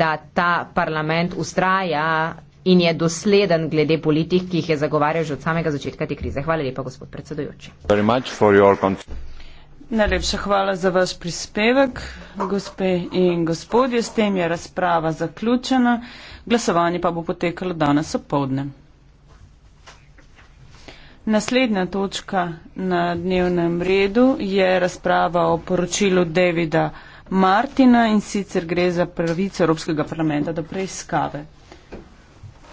da ta parlament ustraja in je dosleden glede politik, ki jih je zagovarjal že od samega začetka te krize. Hvala lepa, gospod predsedujoči. Najlepša hvala za vaš prispevek, gospe in gospodje. S tem je razprava zaključena. Glasovanje pa bo potekalo danes opovdne. Naslednja točka na dnevnem redu je razprava o poročilu Davida. Martina in sicer gre za pravico Evropskega parlamenta do preiskave.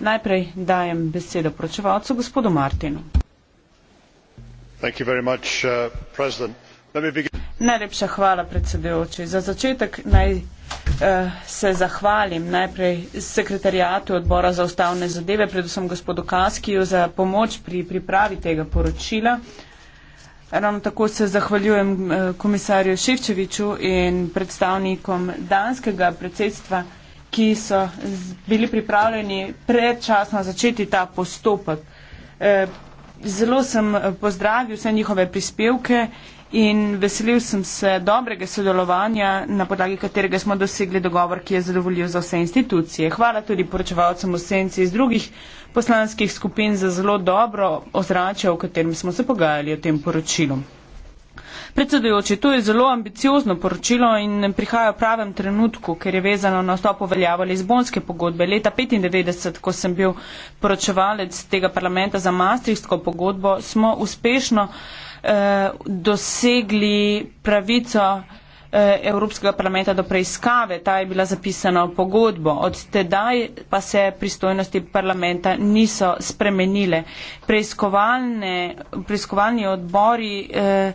Najprej dajem besedo pročevalcu gospodu Martinu. Much, uh, Najlepša hvala predsedujoči. Za začetek naj uh, se zahvalim najprej sekretarijatu odbora za ustavne zadeve, predvsem gospodu Kaskiju, za pomoč pri pripravi tega poročila. Uh, Ravno tako se zahvaljujem eh, komisarju Ševčeviču in predstavnikom danskega predsedstva, ki so bili pripravljeni predčasno začeti ta postopek. Eh, zelo sem eh, pozdravil vse njihove prispevke in veselil sem se dobrega sodelovanja, na podlagi katerega smo dosegli dogovor, ki je zadovoljiv za vse institucije. Hvala tudi poročevalcem v senci iz drugih poslanskih skupin za zelo dobro ozračje, o katerem smo se pogajali o tem poročilu. Predsedujoči, to je zelo ambiciozno poročilo in prihaja v pravem trenutku, ker je vezano na stopo veljavo Lizbonske pogodbe. Leta 1995, ko sem bil poročevalec tega parlamenta za Maastrichtsko pogodbo, smo uspešno eh, dosegli pravico eh, Evropskega parlamenta do preiskave, ta je bila zapisana v pogodbo, od tedaj pa se pristojnosti parlamenta niso spremenile. Preiskovalni odbori eh,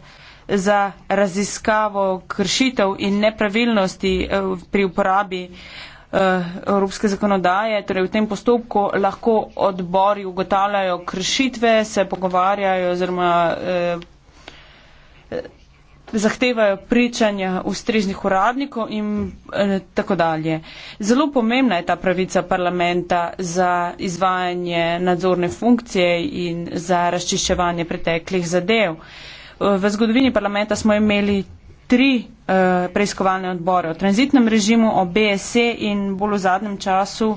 za raziskavo kršitev in nepravilnosti eh, pri uporabi eh, Evropske zakonodaje, torej v tem postopku lahko odbori ugotavljajo kršitve, se pogovarjajo oziroma eh, zahtevajo pričanja ustreznih uradnikov in eh, tako dalje. Zelo pomembna je ta pravica parlamenta za izvajanje nadzorne funkcije in za razčiščevanje preteklih zadev. V zgodovini parlamenta smo imeli tri eh, preiskovalne odbore o tranzitnem režimu, o BSE in bolj v zadnjem času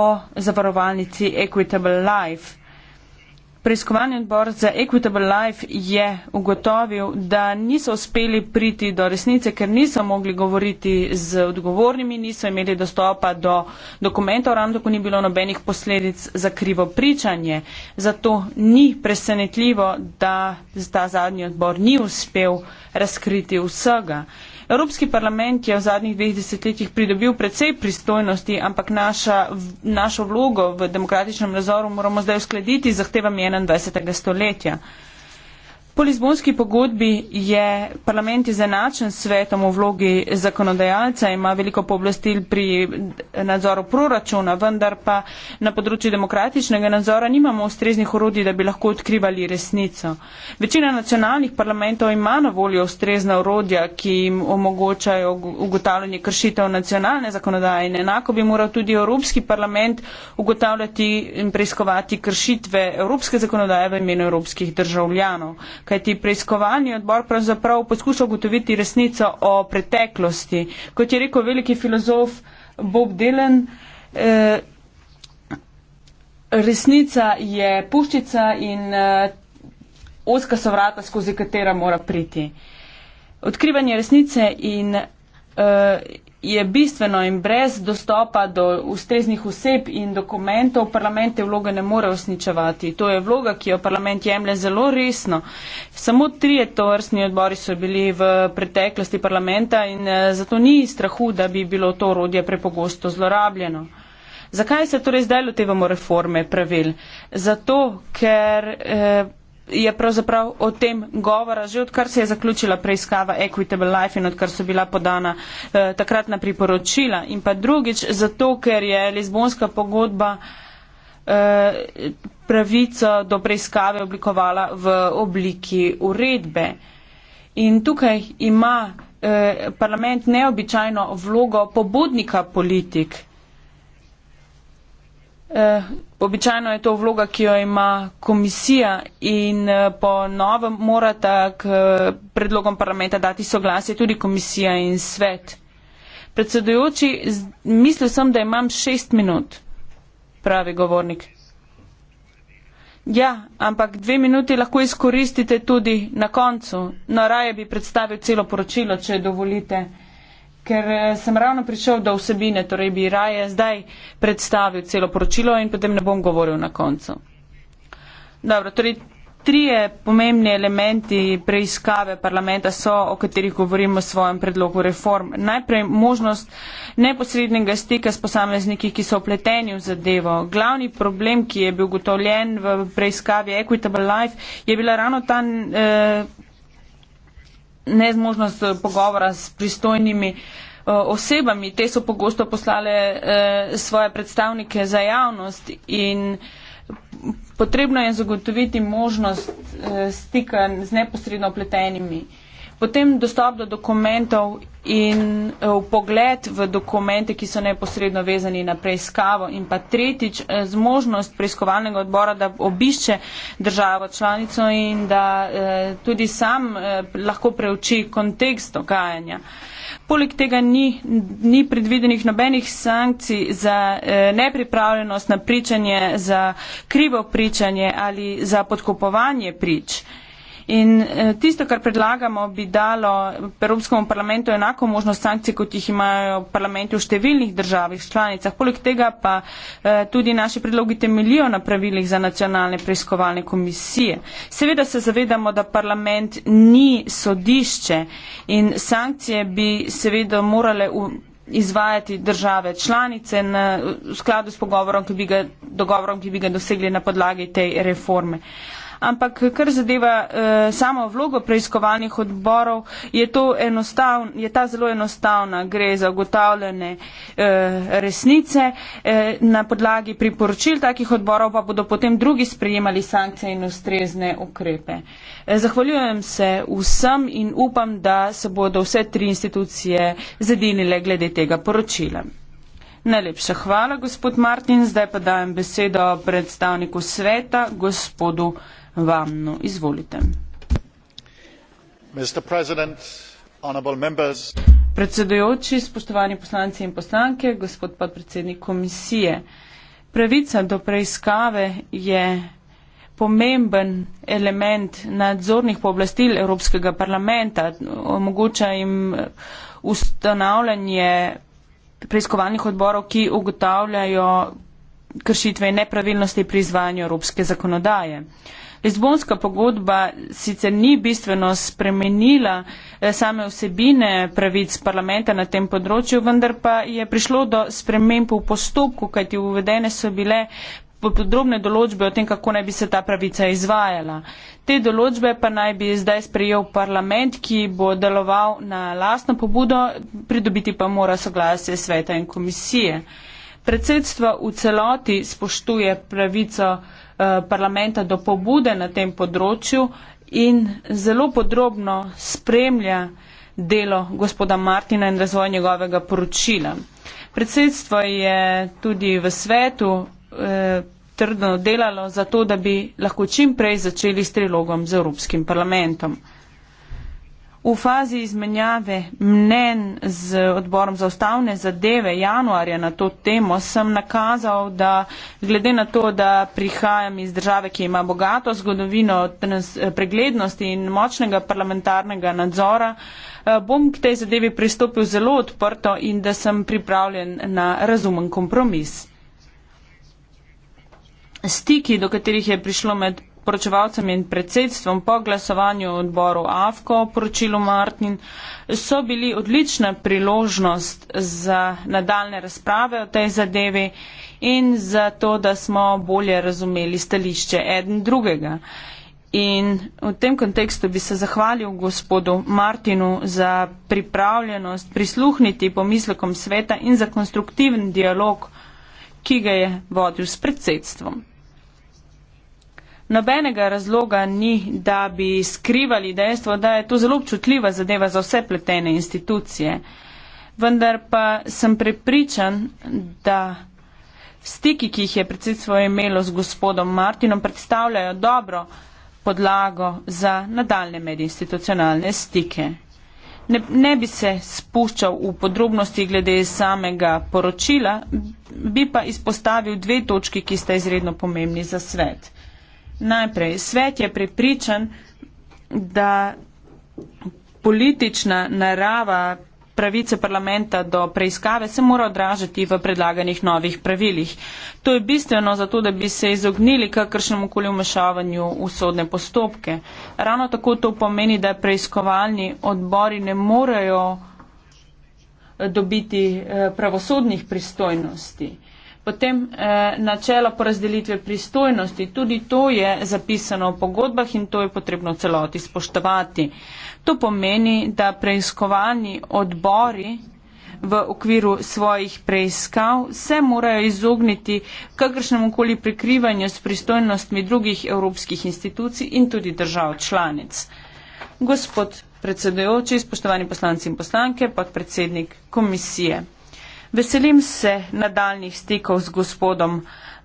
o zavarovalnici Equitable Life. Preiskovalni odbor za Equitable Life je ugotovil, da niso uspeli priti do resnice, ker niso mogli govoriti z odgovornimi, niso imeli dostopa do dokumentov, ravno tako ni bilo nobenih posledic za krivo pričanje. Zato ni presenetljivo, da ta zadnji odbor ni uspel razkriti vsega. Evropski parlament je v zadnjih dveh desetletjih pridobil precej pristojnosti, ampak naša, našo vlogo v demokratičnem nazoru moramo zdaj uskladiti z zahtevami 21. stoletja. Po Lizbonski pogodbi je parlament izenačen s svetom v vlogi zakonodajalca, ima veliko pooblastil pri nadzoru proračuna, vendar pa na področju demokratičnega nadzora nimamo ustreznih orodij, da bi lahko odkrivali resnico. Večina nacionalnih parlamentov ima na voljo ustrezna orodja, ki jim omogočajo ugotavljanje kršitev nacionalne zakonodaje in enako bi moral tudi Evropski parlament ugotavljati in preiskovati kršitve Evropske zakonodaje v imenu Evropskih državljanov kajti preiskovani odbor pravzaprav poskuša ugotoviti resnico o preteklosti. Kot je rekel veliki filozof Bob Dylan, eh, resnica je puščica in eh, oska so vrata, skozi katera mora priti. Odkrivanje resnice in eh, je bistveno in brez dostopa do ustreznih oseb in dokumentov parlament te vloge ne more osničevati. To je vloga, ki jo parlament jemlje zelo resno. Samo tri tovrstni odbori so bili v preteklosti parlamenta in eh, zato ni strahu, da bi bilo to orodje prepogosto zlorabljeno. Zakaj se torej zdaj lotevamo reforme pravil? Zato, ker. Eh, je pravzaprav o tem govora, že odkar se je zaključila preiskava Equitable Life in odkar so bila podana eh, takratna priporočila. In pa drugič, zato ker je Lizbonska pogodba eh, pravico do preiskave oblikovala v obliki uredbe. In tukaj ima eh, parlament neobičajno vlogo pobudnika politik. Eh, običajno je to vloga, ki jo ima komisija in eh, po novem mora tak eh, predlogom parlamenta dati soglasje tudi komisija in svet. Predsedujoči, mislil sem, da imam šest minut, pravi govornik. Ja, ampak dve minuti lahko izkoristite tudi na koncu. No, raje bi predstavil celo poročilo, če dovolite ker eh, sem ravno prišel do vsebine, torej bi raje zdaj predstavil celo poročilo in potem ne bom govoril na koncu. Dobro, torej trije pomembni elementi preiskave parlamenta so, o katerih govorim v svojem predlogu reform. Najprej možnost neposrednega stika s posamezniki, ki so opleteni v zadevo. Glavni problem, ki je bil gotovljen v preiskavi Equitable Life, je bila ravno ta. Eh, nezmožnost eh, pogovora s pristojnimi eh, osebami. Te so pogosto poslale eh, svoje predstavnike za javnost in potrebno je zagotoviti možnost stika z neposredno pletenimi. Potem dostop do dokumentov in eh, pogled v dokumente, ki so neposredno vezani na preiskavo in pa tretjič eh, zmožnost preiskovalnega odbora, da obišče državo članico in da eh, tudi sam lahko preuči kontekst dogajanja. Poleg tega ni, ni predvidenih nobenih sankcij za nepripravljenost na pričanje, za krivo pričanje ali za podkopovanje prič. In eh, tisto, kar predlagamo, bi dalo Evropskemu parlamentu enako možnost sankcij, kot jih imajo parlamenti v številnih državih, članicah. Poleg tega pa eh, tudi naši predlogi temelijo na pravilih za nacionalne preiskovalne komisije. Seveda se zavedamo, da parlament ni sodišče in sankcije bi seveda morale izvajati države članice na, v skladu s pogovorom, ki bi ga, dogovorom, ki bi ga dosegli na podlagi tej reforme ampak kar zadeva eh, samo vlogo preiskovalnih odborov, je, je ta zelo enostavna. Gre za ugotavljene eh, resnice. Eh, na podlagi priporočil takih odborov pa bodo potem drugi sprejemali sankcije in ustrezne ukrepe. Eh, zahvaljujem se vsem in upam, da se bodo vse tri institucije zedinile glede tega poročila. Najlepša hvala, gospod Martin. Zdaj pa dajem besedo predstavniku sveta, gospodu predsedujoči spoštovani poslanci in poslanke gospod podpredsednik komisije pravica do preiskave je pomemben element nadzornih pooblastil evropskega parlamenta omogoča jim ustanavljanje preiskovalnih odborov ki ugotavljajo kršitve in nepravilnosti pri izvajanju evropske zakonodaje. Lizbonska pogodba sicer ni bistveno spremenila eh, same vsebine pravic parlamenta na tem področju, vendar pa je prišlo do sprememb v postopku, kajti uvedene so bile podrobne določbe o tem, kako naj bi se ta pravica izvajala. Te določbe pa naj bi zdaj sprejel parlament, ki bo deloval na lastno pobudo, pridobiti pa mora soglasje sveta in komisije predsedstvo v celoti spoštuje pravico eh, parlamenta do pobude na tem področju in zelo podrobno spremlja delo gospoda Martina in razvoj njegovega poročila. Predsedstvo je tudi v svetu eh, trdno delalo za to, da bi lahko čim prej začeli s trilogom z Evropskim parlamentom. V fazi izmenjave mnen z odborom za ustavne zadeve januarja na to temo sem nakazal, da glede na to, da prihajam iz države, ki ima bogato zgodovino preglednosti in močnega parlamentarnega nadzora, eh, bom k tej zadevi pristopil zelo odprto in da sem pripravljen na razumen kompromis. Stiki, do katerih je prišlo med poročevalcem in predsedstvom po glasovanju odboru AFKO o poročilu Martin, so bili odlična priložnost za nadaljne razprave o tej zadevi in za to, da smo bolje razumeli stališče eden drugega. In v tem kontekstu bi se zahvalil gospodu Martinu za pripravljenost prisluhniti pomislekom sveta in za konstruktiven dialog, ki ga je vodil s predsedstvom nobenega razloga ni, da bi skrivali dejstvo, da je to zelo občutljiva zadeva za vse pletene institucije. Vendar pa sem prepričan, da stiki, ki jih je predsedstvo imelo z gospodom Martinom, predstavljajo dobro podlago za nadaljne medinstitucionalne stike. Ne, ne bi se spuščal v podrobnosti glede samega poročila, bi pa izpostavil dve točki, ki sta izredno pomembni za svet. Najprej, svet je prepričan, da politična narava pravice parlamenta do preiskave se mora odražati v predlaganih novih pravilih. To je bistveno zato, da bi se izognili kakršnemu koli vmešavanju v sodne postopke. Ravno tako to pomeni, da preiskovalni odbori ne morejo eh, dobiti eh, pravosodnih pristojnosti. Potem eh, načela porazdelitve pristojnosti, tudi to je zapisano v pogodbah in to je potrebno celoti spoštovati. To pomeni, da preiskovani odbori v okviru svojih preiskav se morajo izogniti kakršnemukoli prikrivanju s pristojnostmi drugih evropskih institucij in tudi držav članic. Gospod predsedujoči, spoštovani poslanci in poslanke, podpredsednik komisije. Veselim se nadaljnih stikov z gospodom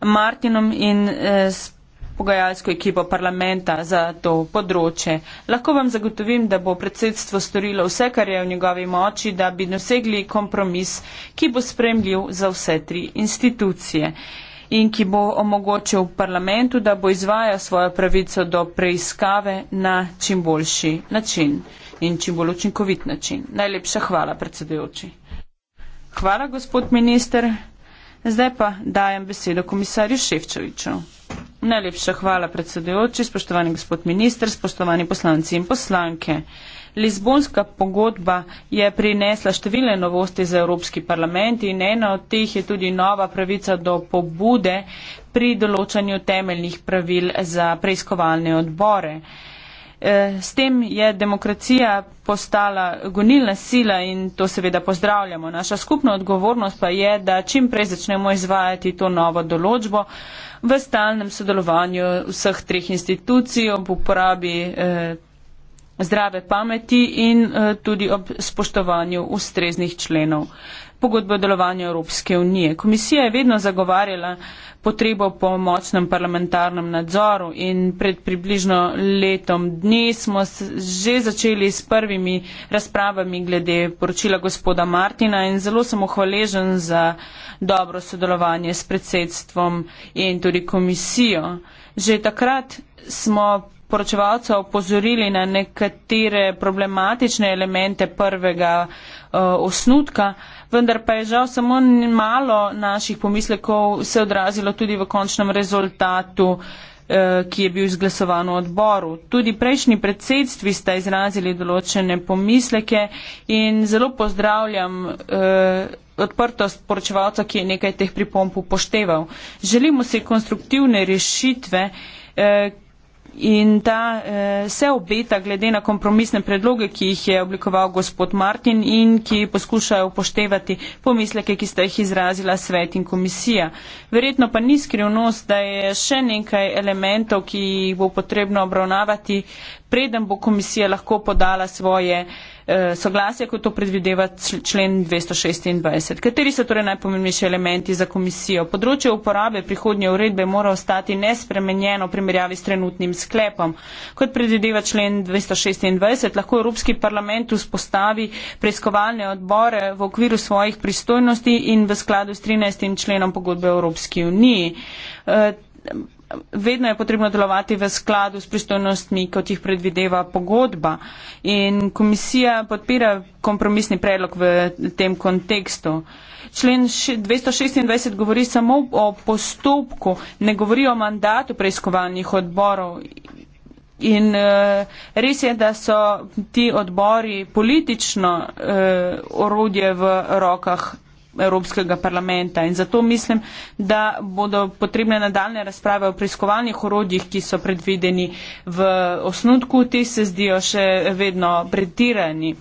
Martinom in eh, s pogajalsko ekipo parlamenta za to področje. Lahko vam zagotovim, da bo predsedstvo storilo vse, kar je v njegovi moči, da bi dosegli kompromis, ki bo spremljiv za vse tri institucije in ki bo omogočil parlamentu, da bo izvajal svojo pravico do preiskave na čim boljši način in čim bolj učinkovit način. Najlepša hvala, predsedujoči. Hvala, gospod minister. Zdaj pa dajem besedo komisarju Ševčoviču. Najlepša hvala, predsedujoči, spoštovani gospod minister, spoštovani poslanci in poslanke. Lizbonska pogodba je prinesla številne novosti za Evropski parlament in ena od teh je tudi nova pravica do pobude pri določanju temeljnih pravil za preiskovalne odbore. Eh, s tem je demokracija postala gonilna sila in to seveda pozdravljamo. Naša skupna odgovornost pa je, da čim prej začnemo izvajati to novo določbo v stalnem sodelovanju vseh treh institucij ob uporabi eh, zdrave pameti in eh, tudi ob spoštovanju ustreznih členov pogodbe o delovanju Evropske unije. Komisija je vedno zagovarjala potrebo po močnem parlamentarnem nadzoru in pred približno letom dni smo že začeli s prvimi razpravami glede poročila gospoda Martina in zelo sem ohvaležen za dobro sodelovanje s predsedstvom in tudi komisijo. Že takrat smo poročevalca opozorili na nekatere problematične elemente prvega eh, osnutka, vendar pa je žal samo malo naših pomislekov se odrazilo tudi v končnem rezultatu eh, ki je bil izglasovan v odboru. Tudi prejšnji predsedstvi sta izrazili določene pomisleke in zelo pozdravljam eh, odprtost poročevalca, ki je nekaj teh pripomp upošteval. Želimo si konstruktivne rešitve, eh, in da eh, se obeta glede na kompromisne predloge, ki jih je oblikoval gospod Martin in ki poskušajo upoštevati pomisleke, ki sta jih izrazila svet in komisija. Verjetno pa ni skrivnost, da je še nekaj elementov, ki jih bo potrebno obravnavati, preden bo komisija lahko podala svoje Eh, soglasje, kot to predvideva člen 226. Kateri so torej najpomembnejši elementi za komisijo? Področje uporabe prihodnje uredbe mora ostati nespremenjeno v primerjavi s trenutnim sklepom. Kot predvideva člen 226, lahko Evropski parlament vzpostavi preiskovalne odbore v okviru svojih pristojnosti in v skladu s 13. členom pogodbe Evropske unije. Eh, vedno je potrebno delovati v skladu s pristojnostmi, kot jih predvideva pogodba. In komisija podpira kompromisni predlog v tem kontekstu. Člen 226 govori samo o postopku, ne govori o mandatu preiskovalnih odborov. In uh, res je, da so ti odbori politično uh, orodje v rokah Evropskega parlamenta. In zato mislim, da bodo potrebne nadaljne razprave o preiskovalnih orodjih, ki so predvideni v osnutku, ti se zdijo še vedno pretirani.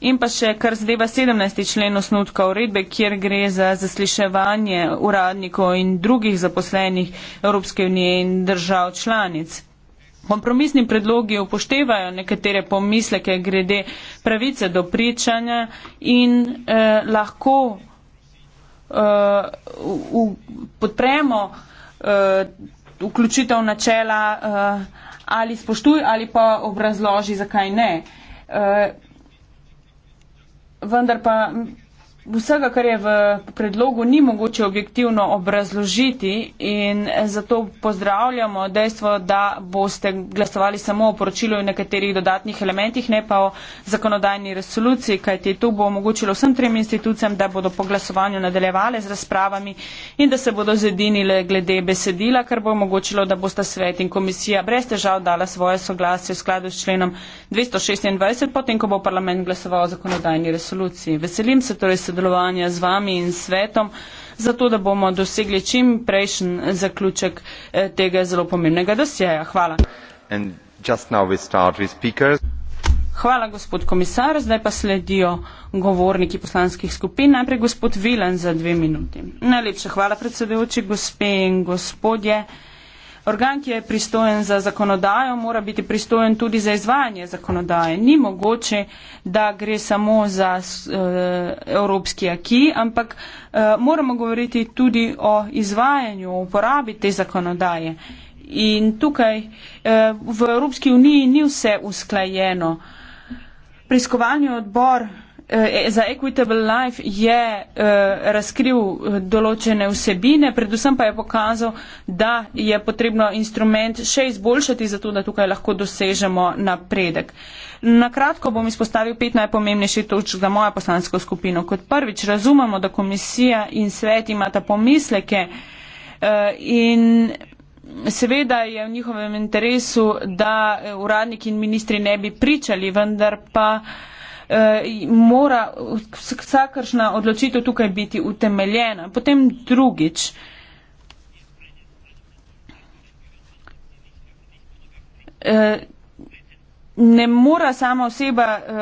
In pa še kar zadeva 17. člen osnutka uredbe, kjer gre za zasliševanje uradnikov in drugih zaposlenih Evropske unije in držav članic. Kompromisni predlogi upoštevajo nekatere pomisleke glede pravice do pričanja in eh, lahko uh, v, podpremo uh, vključitev načela uh, ali spoštuj ali pa obrazloži, zakaj ne. Uh, vendar pa vsega, kar je v predlogu, ni mogoče objektivno obrazložiti in zato pozdravljamo dejstvo, da boste glasovali samo o poročilu in nekaterih dodatnih elementih, ne pa o zakonodajni resoluciji, kajti to bo omogočilo vsem trem institucijam, da bodo po glasovanju nadaljevali z razpravami in da se bodo zedinile glede besedila, kar bo omogočilo, da bosta svet in komisija brez težav dala svoje soglasje v skladu s členom 226, potem ko bo parlament glasoval o zakonodajni resoluciji. Veselim se torej sedaj sodelovanja z vami in svetom, zato da bomo dosegli čim prejšen zaključek eh, tega zelo pomembnega dosjeja. Hvala. Hvala, gospod komisar. Zdaj pa sledijo govorniki poslanskih skupin. Najprej gospod Vilan za dve minuti. Najlepša hvala, predsedujoči, gospe in gospodje. Organ, ki je pristojen za zakonodajo, mora biti pristojen tudi za izvajanje zakonodaje. Ni mogoče, da gre samo za uh, evropski aki, ampak uh, moramo govoriti tudi o izvajanju, o uporabi te zakonodaje. In tukaj uh, v Evropski uniji ni vse usklajeno. Preiskovalni odbor. Eh, za Equitable Life je eh, razkril eh, določene vsebine, predvsem pa je pokazal, da je potrebno instrument še izboljšati, zato da tukaj lahko dosežemo napredek. Na kratko bom izpostavil pet najpomembnejših točk za mojo poslansko skupino. Kot prvič razumemo, da komisija in svet imata pomisleke in seveda je v njihovem interesu, da uradniki in ministri ne bi pričali, vendar pa uh, eh, mora vsakršna odločitev tukaj biti utemeljena. Potem drugič. Eh, ne mora sama oseba eh,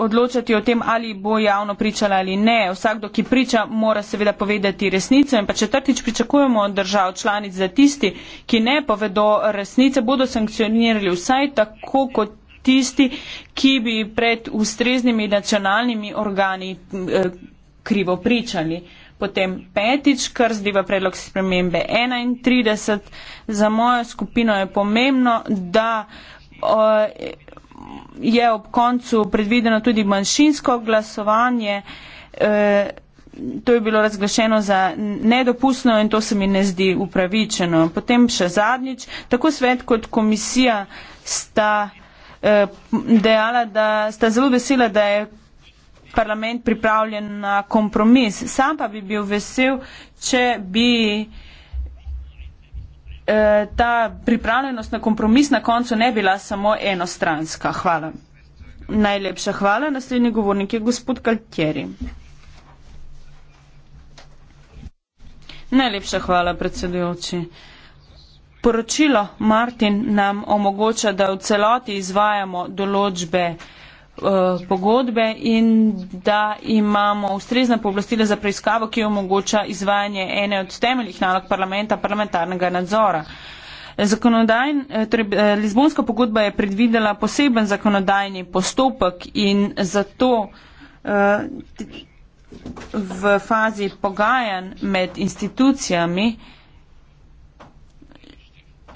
odločati o tem, ali bo javno pričala ali ne. Vsakdo, ki priča, mora seveda povedati resnico. In pa četrtič pričakujemo od držav članic, da tisti, ki ne povedo resnice, bodo sankcionirali vsaj tako, kot tisti, ki bi pred ustreznimi nacionalnimi organi eh, krivo pričali. Potem petič, kar zdiva predlog spremembe 31. Za mojo skupino je pomembno, da eh, je ob koncu predvideno tudi manjšinsko glasovanje. Eh, to je bilo razglašeno za nedopustno in to se mi ne zdi upravičeno. Potem še zadnjič, tako svet kot komisija sta. Eh, dejala, da sta zelo vesela, da je parlament pripravljen na kompromis. Sam pa bi bil vesel, če bi eh, ta pripravljenost na kompromis na koncu ne bila samo enostranska. Hvala. Najlepša hvala. Naslednji govornik je gospod Kaltjeri. Najlepša hvala, predsedujoči. Poročilo Martin nam omogoča, da v celoti izvajamo določbe eh, pogodbe in da imamo ustrezna povlastila za preiskavo, ki omogoča izvajanje ene od temeljih nalog parlamenta, parlamentarnega nadzora. Zakonodajn, eh, torej, eh, Lizbonska pogodba je predvidela poseben zakonodajni postopek in zato v fazi pogajanj med institucijami uh,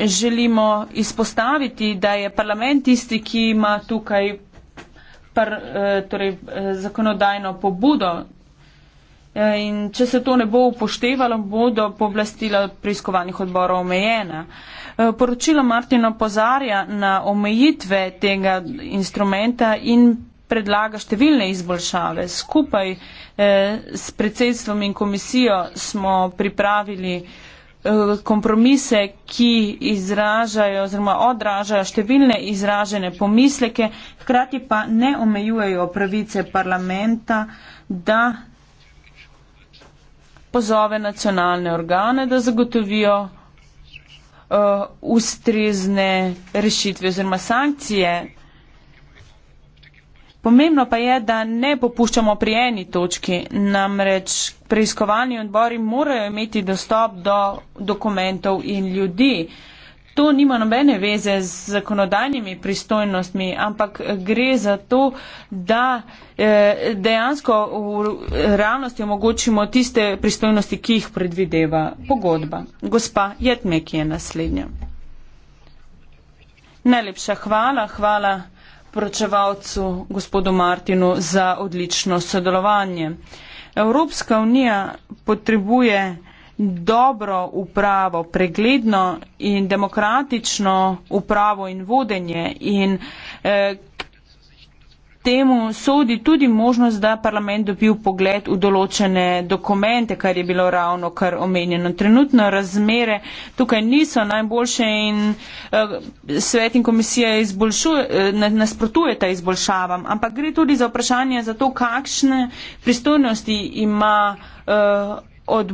želimo izpostaviti, da je parlament tisti, ki ima tukaj par, eh, torej, eh, zakonodajno pobudo. Eh, in če se to ne bo upoštevalo, bodo pooblastila preiskovanih odborov omejena. Poročilo Martina opozarja na omejitve tega instrumenta in predlaga številne izboljšave. Skupaj eh, s predsedstvom in komisijo smo pripravili eh, Eh, kompromise, ki izražajo oziroma odražajo številne izražene pomisleke, hkrati pa ne omejujejo pravice parlamenta, da pozove nacionalne organe, da zagotovijo uh, ustrezne rešitve oziroma sankcije Pomembno pa je, da ne popuščamo pri eni točki, namreč preiskovalni odbori morajo imeti dostop do dokumentov in ljudi. To nima nobene veze z zakonodajnimi pristojnostmi, ampak gre za to, da eh, dejansko v realnosti omogočimo tiste pristojnosti, ki jih predvideva pogodba. Gospa Jetmek je naslednja. Najlepša hvala, hvala poročevalcu gospodu Martinu za odlično sodelovanje. Evropska unija potrebuje dobro upravo, pregledno in demokratično upravo in vodenje in eh, temu sodi tudi možnost, da parlament dobil pogled v določene dokumente, kar je bilo ravno kar omenjeno. Trenutno razmere tukaj niso najboljše in eh, svet in komisija eh, nasprotuje ta izboljšavam, ampak gre tudi za vprašanje za to, kakšne pristojnosti ima eh, od,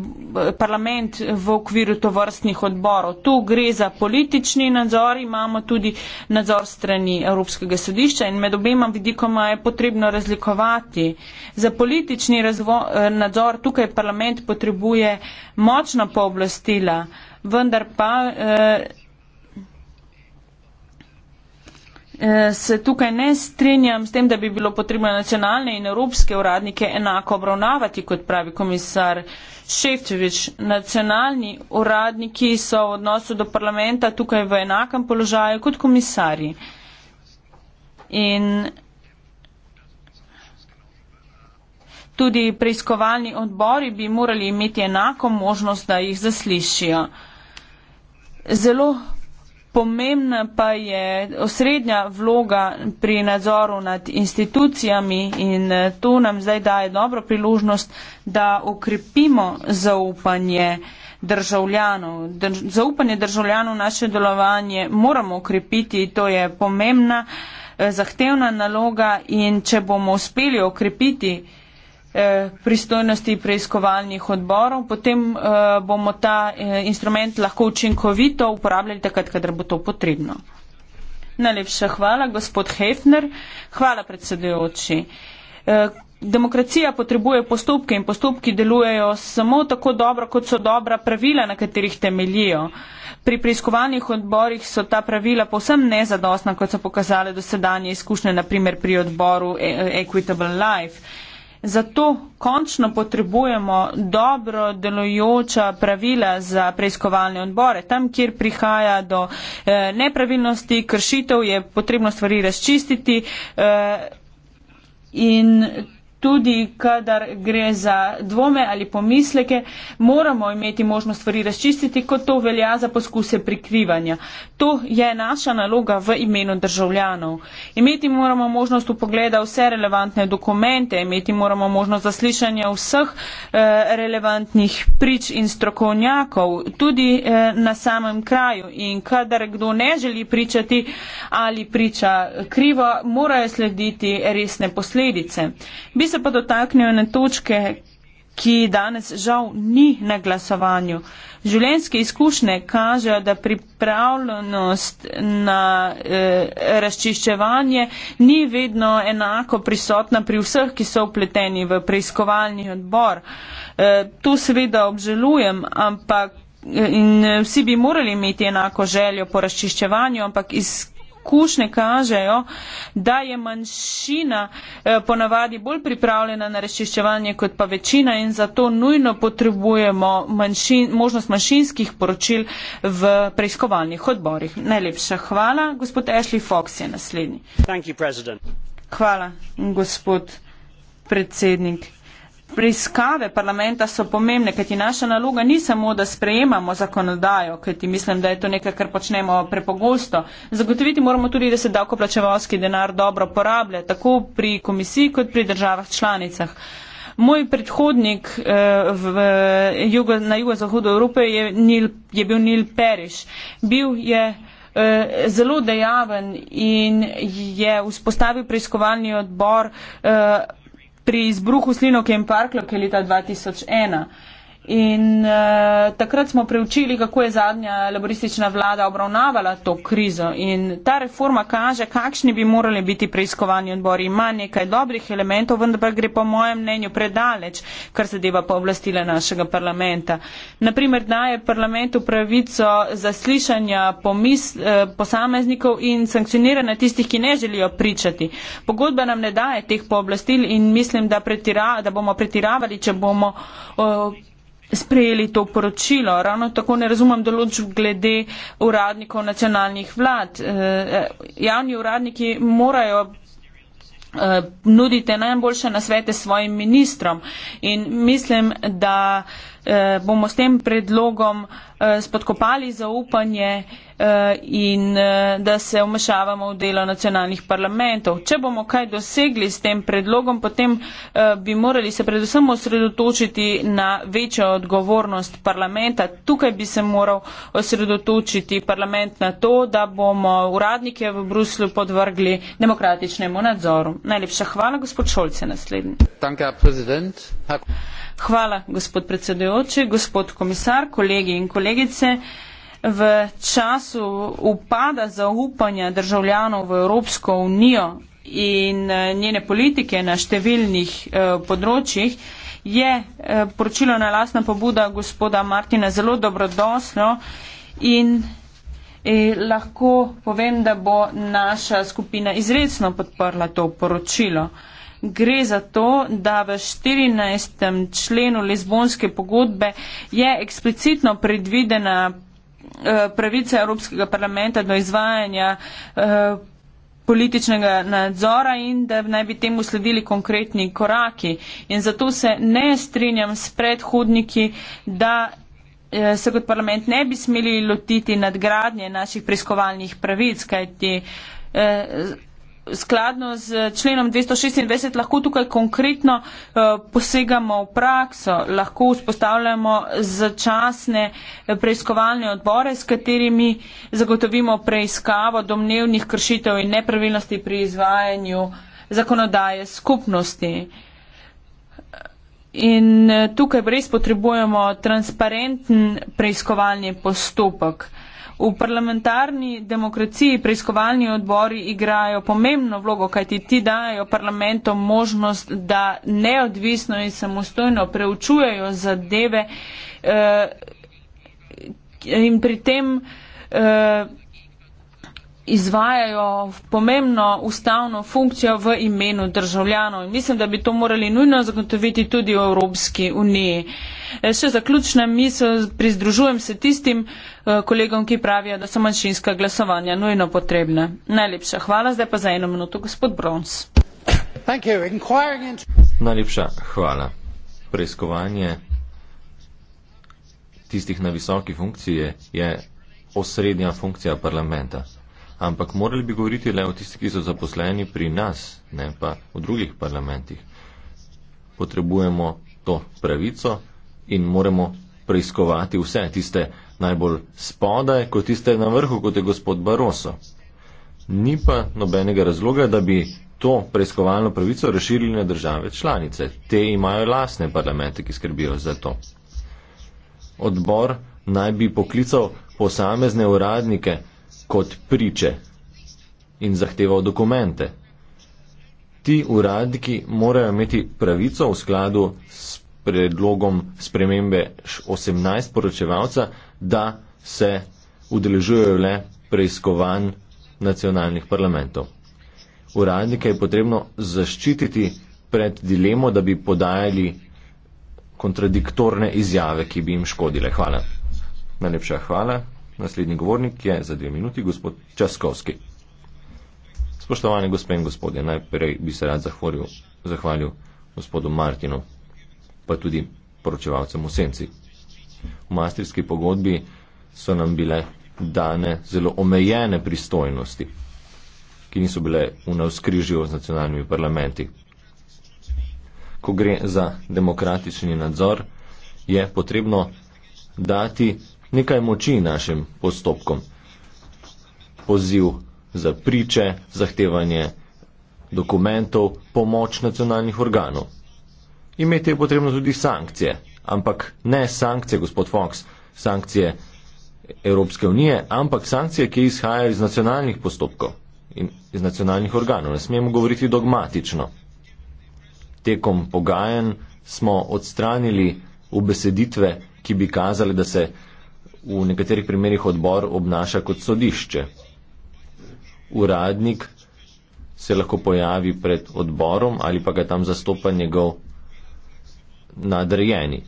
parlament v okviru tovrstnih odborov. Tu gre za politični nadzor, imamo tudi nadzor strani Evropskega sodišča in med obema vidikoma je potrebno razlikovati. Za politični razvo, eh, nadzor tukaj parlament potrebuje močna pooblastila, vendar pa. Eh, Eh, se tukaj ne strinjam s tem, da bi bilo potrebno nacionalne in evropske uradnike enako obravnavati, kot pravi komisar Šefčevič. Nacionalni uradniki so v odnosu do parlamenta tukaj v enakem položaju kot komisari. In tudi preiskovalni odbori bi morali imeti enako možnost, da jih zaslišijo. Zelo Pomembna pa je osrednja vloga pri nadzoru nad institucijami in eh, to nam zdaj daje dobro priložnost, da ukrepimo zaupanje državljanov. Drž zaupanje državljanov v naše delovanje moramo ukrepiti, to je pomembna, eh, zahtevna naloga in če bomo uspeli ukrepiti Eh, pristojnosti preiskovalnih odborov, potem eh, bomo ta eh, instrument lahko učinkovito uporabljali takrat, kadar bo to potrebno. Najlepša hvala, gospod Hefner. Hvala, predsedujoči. Demokracija potrebuje postopke in postopki delujejo samo tako dobro, kot so dobra pravila, na katerih temelijo. Pri preiskovalnih odborih so ta pravila povsem nezadostna, kot so pokazale dosedanje izkušnje, naprimer pri odboru e-, Equitable Life. Zato končno potrebujemo dobro delojoča pravila za preiskovalne odbore. Tam, kjer prihaja do eh, nepravilnosti, kršitev, je potrebno stvari razčistiti. Eh, in tudi kadar gre za dvome ali pomisleke, moramo imeti možnost stvari razčistiti, kot to velja za poskuse prikrivanja. To je naša naloga v imenu državljanov. Imeti moramo možnost upogleda vse relevantne dokumente, imeti moramo možnost zaslišanja vseh eh, relevantnih prič in strokovnjakov, tudi eh, na samem kraju. In kadar kdo ne želi pričati ali priča krivo, morajo slediti resne posledice. Bi se pa dotaknil ene točke, ki danes žal ni na glasovanju. Življenjske izkušnje kažejo, da pripravljenost na e, razčiščevanje ni vedno enako prisotna pri vseh, ki so vpleteni v preiskovalni odbor. E, to seveda obžalujem, ampak eh, in vsi bi morali imeti enako željo po razčiščevanju, ampak iz izkušnje kažejo, da je manjšina eh, ponavadi bolj pripravljena na razčiščevanje kot pa večina in zato nujno potrebujemo manjšin, možnost manjšinskih poročil v preiskovalnih odborih. Najlepša hvala. Gospod Ashley Fox je naslednji. Hvala, gospod predsednik. Preiskave parlamenta so pomembne, kajti naša naloga ni samo, da sprejemamo zakonodajo, kajti mislim, da je to nekaj, kar počnemo prepogosto. Zagotoviti moramo tudi, da se davkoplačevalski denar dobro porablja, tako pri komisiji kot pri državah članicah. Moj predhodnik eh, v, v, jugo, na jugozahodu Evrope je, Nil, je bil Nil Periš. Bil je eh, zelo dejaven in je vzpostavil preiskovalni odbor. Eh, pri izbruhu slinov Kempark, ki je leta 2001. In uh, takrat smo preučili, kako je zadnja laboristična vlada obravnavala to krizo. In ta reforma kaže, kakšni bi morali biti preiskovani odbori. Ima nekaj dobrih elementov, vendar pa gre po mojem mnenju predaleč, kar zadeva pa oblastile našega parlamenta. Naprimer, daje parlamentu pravico zaslišanja pomis, eh, posameznikov in sankcioniranja tistih, ki ne želijo pričati. Pogodba nam ne daje teh pooblastil in mislim, da, pretira, da bomo pretiravali, če bomo. Oh, sprejeli to poročilo. Ravno tako ne razumem določb glede uradnikov nacionalnih vlad. Eh, javni uradniki morajo eh, nuditi najboljše nasvete svojim ministrom in mislim, da Eh, bomo s tem predlogom eh, spodkopali zaupanje eh, in da se vmešavamo v delo nacionalnih parlamentov. Če bomo kaj dosegli s tem predlogom, potem bi morali se predvsem osredotočiti na večjo odgovornost parlamenta. Tukaj bi se moral osredotočiti parlament na to, da bomo uradnike v Bruslju podvrgli demokratičnemu nadzoru. Najlepša hvala, gospod Šolce, naslednji. Danke, Herr Präsident. Herr Hvala, gospod predsedujoči, gospod komisar, kolegi in kolegice. V času upada zaupanja državljanov v Evropsko unijo in eh, njene politike na številnih eh, področjih je eh, poročilo na lasna pobuda gospoda Martina zelo dobrodosno in eh, lahko povem, da bo naša skupina izredno podprla to poročilo. Eh, gre za to, da v 14. členu Lizbonske pogodbe je eksplicitno predvidena eh, pravica Evropskega parlamenta do izvajanja eh, političnega nadzora in da naj bi temu sledili konkretni koraki. In zato se ne strinjam s predhodniki, da eh, se kot parlament ne bi smeli lotiti nadgradnje naših preiskovalnih pravic, kajti skladno z členom 226 lahko tukaj konkretno eh, posegamo v prakso, lahko vzpostavljamo začasne eh, preiskovalne odbore, s katerimi zagotovimo preiskavo domnevnih kršitev in nepravilnosti pri izvajanju zakonodaje skupnosti. In eh, tukaj res potrebujemo transparenten preiskovalni postopek. V parlamentarni demokraciji preiskovalni odbori igrajo pomembno vlogo, kajti ti dajo parlamentom možnost, da neodvisno in samostojno preučujejo zadeve eh, in pri tem. Eh, izvajajo pomembno ustavno funkcijo v imenu državljanov. In mislim, da bi to morali nujno zagotoviti tudi v Evropski uniji. E, še zaključna misel, prizdružujem se tistim e, kolegom, ki pravijo, da so manjšinska glasovanja nujno potrebna. Najlepša hvala, zdaj pa za eno minuto, gospod Brons. Into... Najlepša hvala. Preiskovanje tistih na visoki funkciji je osrednja funkcija parlamenta ampak morali bi govoriti le o tistih, ki so zaposleni pri nas, ne pa v drugih parlamentih. Potrebujemo to pravico in moramo preiskovati vse tiste najbolj spodaj, kot tiste na vrhu, kot je gospod Baroso. Ni pa nobenega razloga, da bi to preiskovalno pravico razširili na države članice. Te imajo lasne parlamente, ki skrbijo za to. Odbor naj bi poklical posamezne uradnike, kot priče in zahteval dokumente. Ti uradniki morajo imeti pravico v skladu s predlogom spremembe 18 poročevalca, da se udeležujejo le preiskovanj nacionalnih parlamentov. Uradnike je potrebno zaščititi pred dilemo, da bi podajali kontradiktorne izjave, ki bi jim škodile. Hvala. Najlepša hvala. Naslednji govornik je za dve minuti gospod Časkovski. Spoštovane gospe in gospodje, najprej bi se rad zahvalil, zahvalil gospodu Martinu, pa tudi poročevalcem v Senci. V mastrijski pogodbi so nam bile dane zelo omejene pristojnosti, ki niso bile v navskrižju z nacionalnimi parlamenti. Ko gre za demokratični nadzor, je potrebno dati nekaj moči našim postopkom. Poziv za priče, zahtevanje dokumentov, pomoč nacionalnih organov. Imeti je potrebno tudi sankcije, ampak ne sankcije, gospod Fox, sankcije Evropske unije, ampak sankcije, ki izhajajo iz nacionalnih postopkov in iz nacionalnih organov. Ne smemo govoriti dogmatično. Tekom pogajanj smo odstranili ubeseditve, ki bi kazali, da se v nekaterih primerjih odbor obnaša kot sodišče. Uradnik se lahko pojavi pred odborom ali pa ga tam zastopa njegov nadrejeni.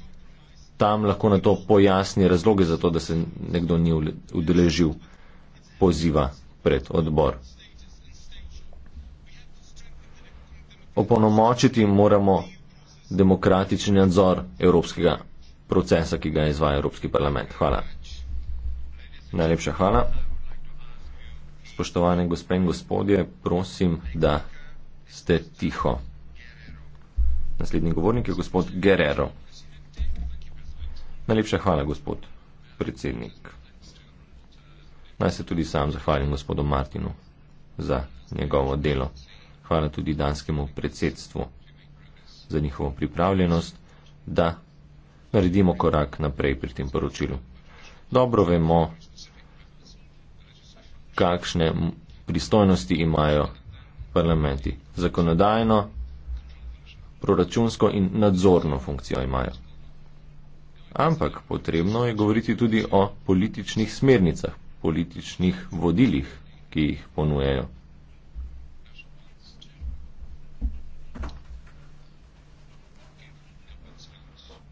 Tam lahko na to pojasni razloge za to, da se nekdo ni udeležil poziva pred odbor. Oponomočiti moramo demokratični nadzor evropskega procesa, ki ga izvaja Evropski parlament. Hvala. Najlepša hvala. Spoštovane gospe in gospodje, prosim, da ste tiho. Naslednji govornik je gospod Guerrero. Najlepša hvala, gospod predsednik. Naj se tudi sam zahvalim gospodu Martinu za njegovo delo. Hvala tudi danskemu predsedstvu za njihovo pripravljenost, da naredimo korak naprej pri tem poročilu dobro vemo, kakšne pristojnosti imajo parlamenti. Zakonodajno, proračunsko in nadzorno funkcijo imajo. Ampak potrebno je govoriti tudi o političnih smernicah, političnih vodilih, ki jih ponujejo.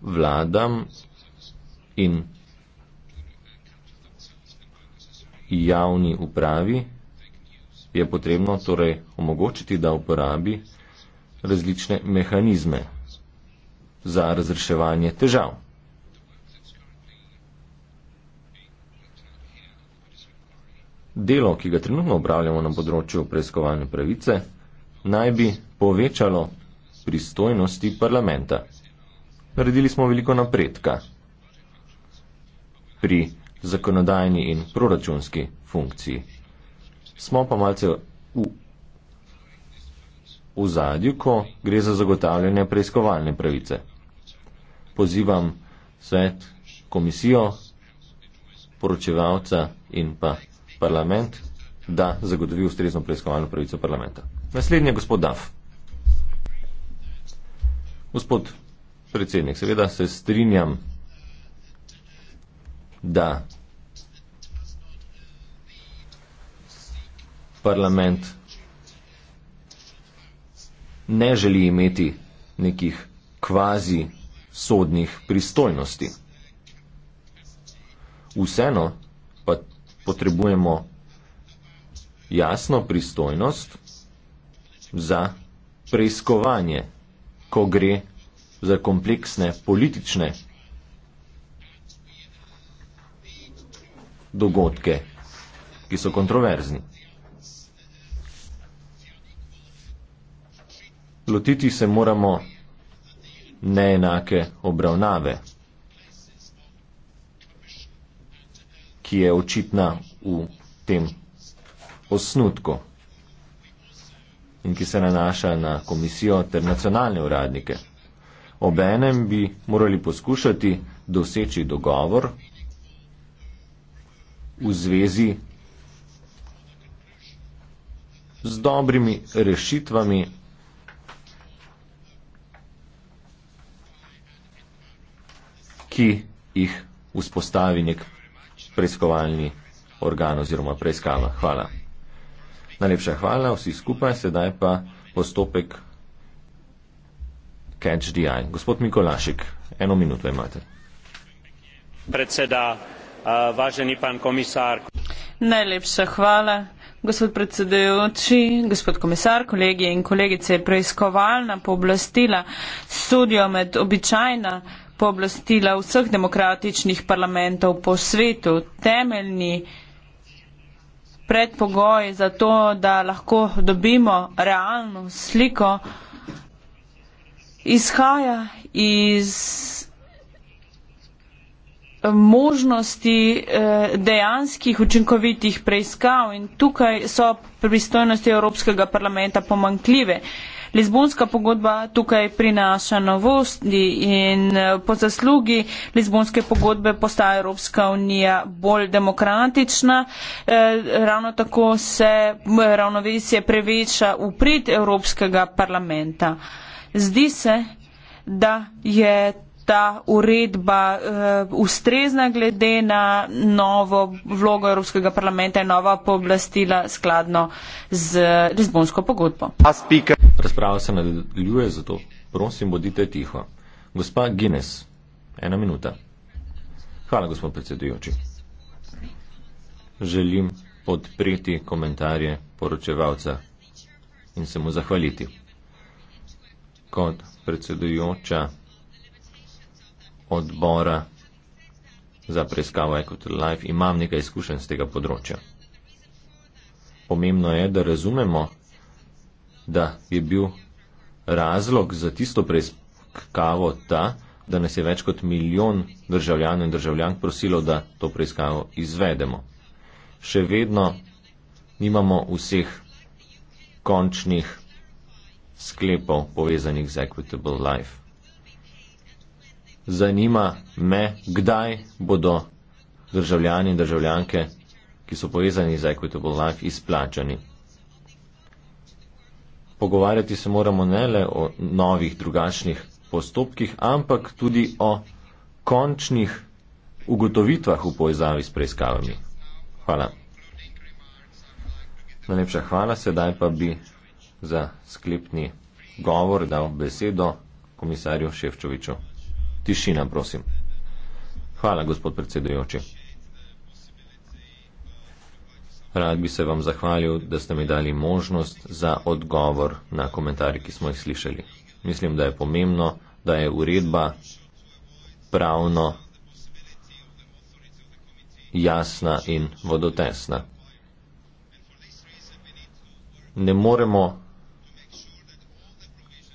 Vladam in javni upravi je potrebno torej omogočiti, da uporabi različne mehanizme za razreševanje težav. Delo, ki ga trenutno upravljamo na področju preiskovalne pravice, naj bi povečalo pristojnosti parlamenta. Naredili smo veliko napredka pri zakonodajni in proračunski funkciji. Smo pa malce v, v zadju, ko gre za zagotavljanje preiskovalne pravice. Pozivam svet, komisijo, poročevalca in pa parlament, da zagotovi ustrezno preiskovalno pravico parlamenta. Naslednji je gospod Daf. Gospod predsednik, seveda se strinjam, da parlament ne želi imeti nekih kvazi sodnih pristojnosti. Vseeno pa potrebujemo jasno pristojnost za preiskovanje, ko gre za kompleksne politične dogodke, ki so kontroverzni. lotiti se moramo neenake obravnave, ki je očitna v tem osnutku in ki se nanaša na komisijo ter nacionalne uradnike. Obenem bi morali poskušati doseči dogovor v zvezi z dobrimi rešitvami ki jih vzpostavi nek preiskovalni organ oziroma preiskava. Hvala. Najlepša hvala vsi skupaj, sedaj pa postopek Catch the Eye. Gospod Mikolašik, eno minuto imate. Predseda, uh, važeni pan komisar. Najlepša hvala. Gospod predsedujoči, gospod komisar, kolegije in kolegice, preiskovalna pooblastila sodijo med običajna pooblastila vseh demokratičnih parlamentov po svetu. Temeljni predpogoj za to, da lahko dobimo realno sliko, izhaja iz eh, možnosti eh, dejanskih učinkovitih preiskav in tukaj so pristojnosti Evropskega parlamenta pomankljive. Lizbonska pogodba tukaj prinaša novosti in eh, po zaslugi Lizbonske pogodbe postaja Evropska unija bolj demokratična. Eh, ravno tako se eh, ravnovesje preveča v prid Evropskega parlamenta. Zdi se, da je ta uredba uh, ustrezna glede na novo vlogo Evropskega parlamenta in nova pooblastila skladno z Lizbonsko pogodbo. Razprava se nadaljuje, zato prosim, bodite tiho. Gospa Gines, ena minuta. Hvala, gospod predsedujoči. Želim podpreti komentarje poročevalca in se mu zahvaliti. Kot predsedujoča odbora za preiskavo Ecotel Life, imam nekaj izkušenj z tega področja. Pomembno je, da razumemo, da je bil razlog za tisto preiskavo ta, da nas je več kot milijon državljanov in državljank prosilo, da to preiskavo izvedemo. Še vedno nimamo vseh končnih sklepov povezanih z Equitable Life zanima me, kdaj bodo državljani in državljanke, ki so povezani z Equitable Life, izplačani. Pogovarjati se moramo ne le o novih, drugačnih postopkih, ampak tudi o končnih ugotovitvah v povezavi s preiskavami. Hvala. Najlepša hvala, sedaj pa bi za sklepni govor dal besedo komisarju Ševčoviču. Tišina, prosim. Hvala, gospod predsedujoči. Rad bi se vam zahvalil, da ste mi dali možnost za odgovor na komentarje, ki smo jih slišali. Mislim, da je pomembno, da je uredba pravno jasna in vodotesna. Ne moremo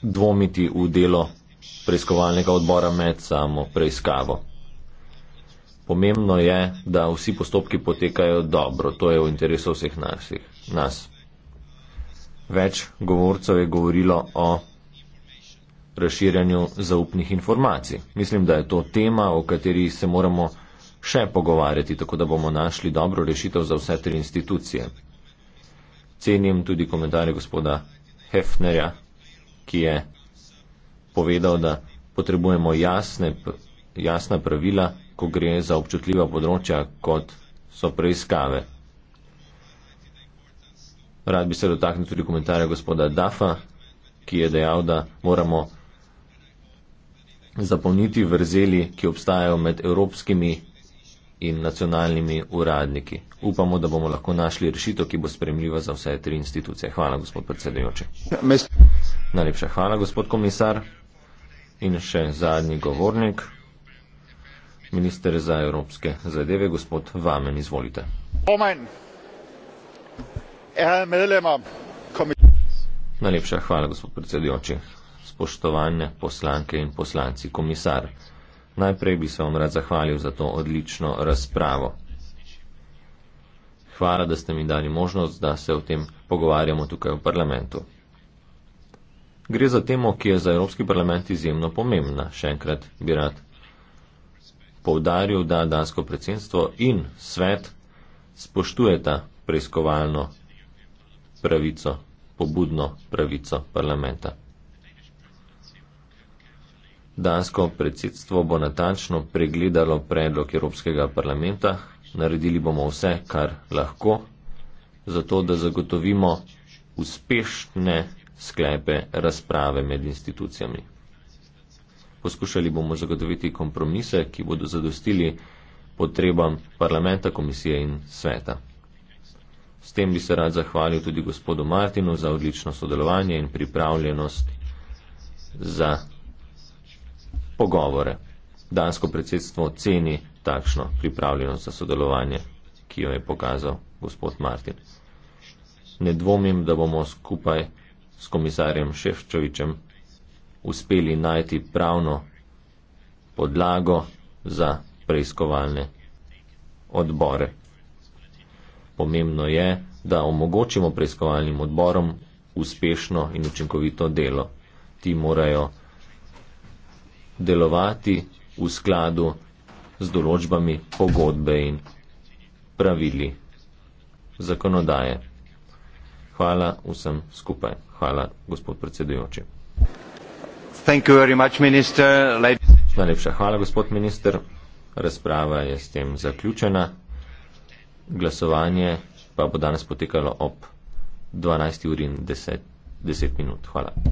dvomiti v delo preiskovalnega odbora med samo preiskavo. Pomembno je, da vsi postopki potekajo dobro, to je v interesu vseh nasih, nas. Več govorcev je govorilo o razširjanju zaupnih informacij. Mislim, da je to tema, o kateri se moramo še pogovarjati, tako da bomo našli dobro rešitev za vse tri institucije. Cenim tudi komentarje gospoda Hefnerja, ki je povedal, da potrebujemo jasne, jasna pravila, ko gre za občutljiva področja, kot so preiskave. Rad bi se dotaknil tudi komentarja gospoda Dafa, ki je dejal, da moramo zapolniti vrzeli, ki obstajajo med evropskimi in nacionalnimi uradniki. Upamo, da bomo lahko našli rešitev, ki bo spremljiva za vse tri institucije. Hvala, gospod predsedujoči. Najlepša hvala, gospod komisar. In še zadnji govornik, minister za evropske zadeve, gospod Vamen, izvolite. Najlepša hvala, gospod predsedujoči. Spoštovane poslanke in poslanci, komisar. Najprej bi se vam rad zahvalil za to odlično razpravo. Hvala, da ste mi dali možnost, da se o tem pogovarjamo tukaj v parlamentu. Gre za temo, ki je za Evropski parlament izjemno pomembna. Še enkrat bi rad povdaril, da dansko predsedstvo in svet spoštujeta preiskovalno pravico, pobudno pravico parlamenta. Dansko predsedstvo bo natančno pregledalo predlog Evropskega parlamenta. Naredili bomo vse, kar lahko, zato da zagotovimo uspešne sklepe razprave med institucijami. Poskušali bomo zagotoviti kompromise, ki bodo zadostili potrebam parlamenta, komisije in sveta. S tem bi se rad zahvalil tudi gospodu Martinu za odlično sodelovanje in pripravljenost za pogovore. Dansko predsedstvo ceni takšno pripravljenost za sodelovanje, ki jo je pokazal gospod Martin. Ne dvomim, da bomo skupaj s komisarjem Ševčovičem uspeli najti pravno podlago za preiskovalne odbore. Pomembno je, da omogočimo preiskovalnim odborom uspešno in učinkovito delo. Ti morajo delovati v skladu z določbami pogodbe in pravili zakonodaje. Hvala vsem skupaj. Hvala, gospod predsedujoči. Najlepša hvala, gospod minister. Razprava je s tem zaključena. Glasovanje pa bo danes potekalo ob 12.10. Hvala.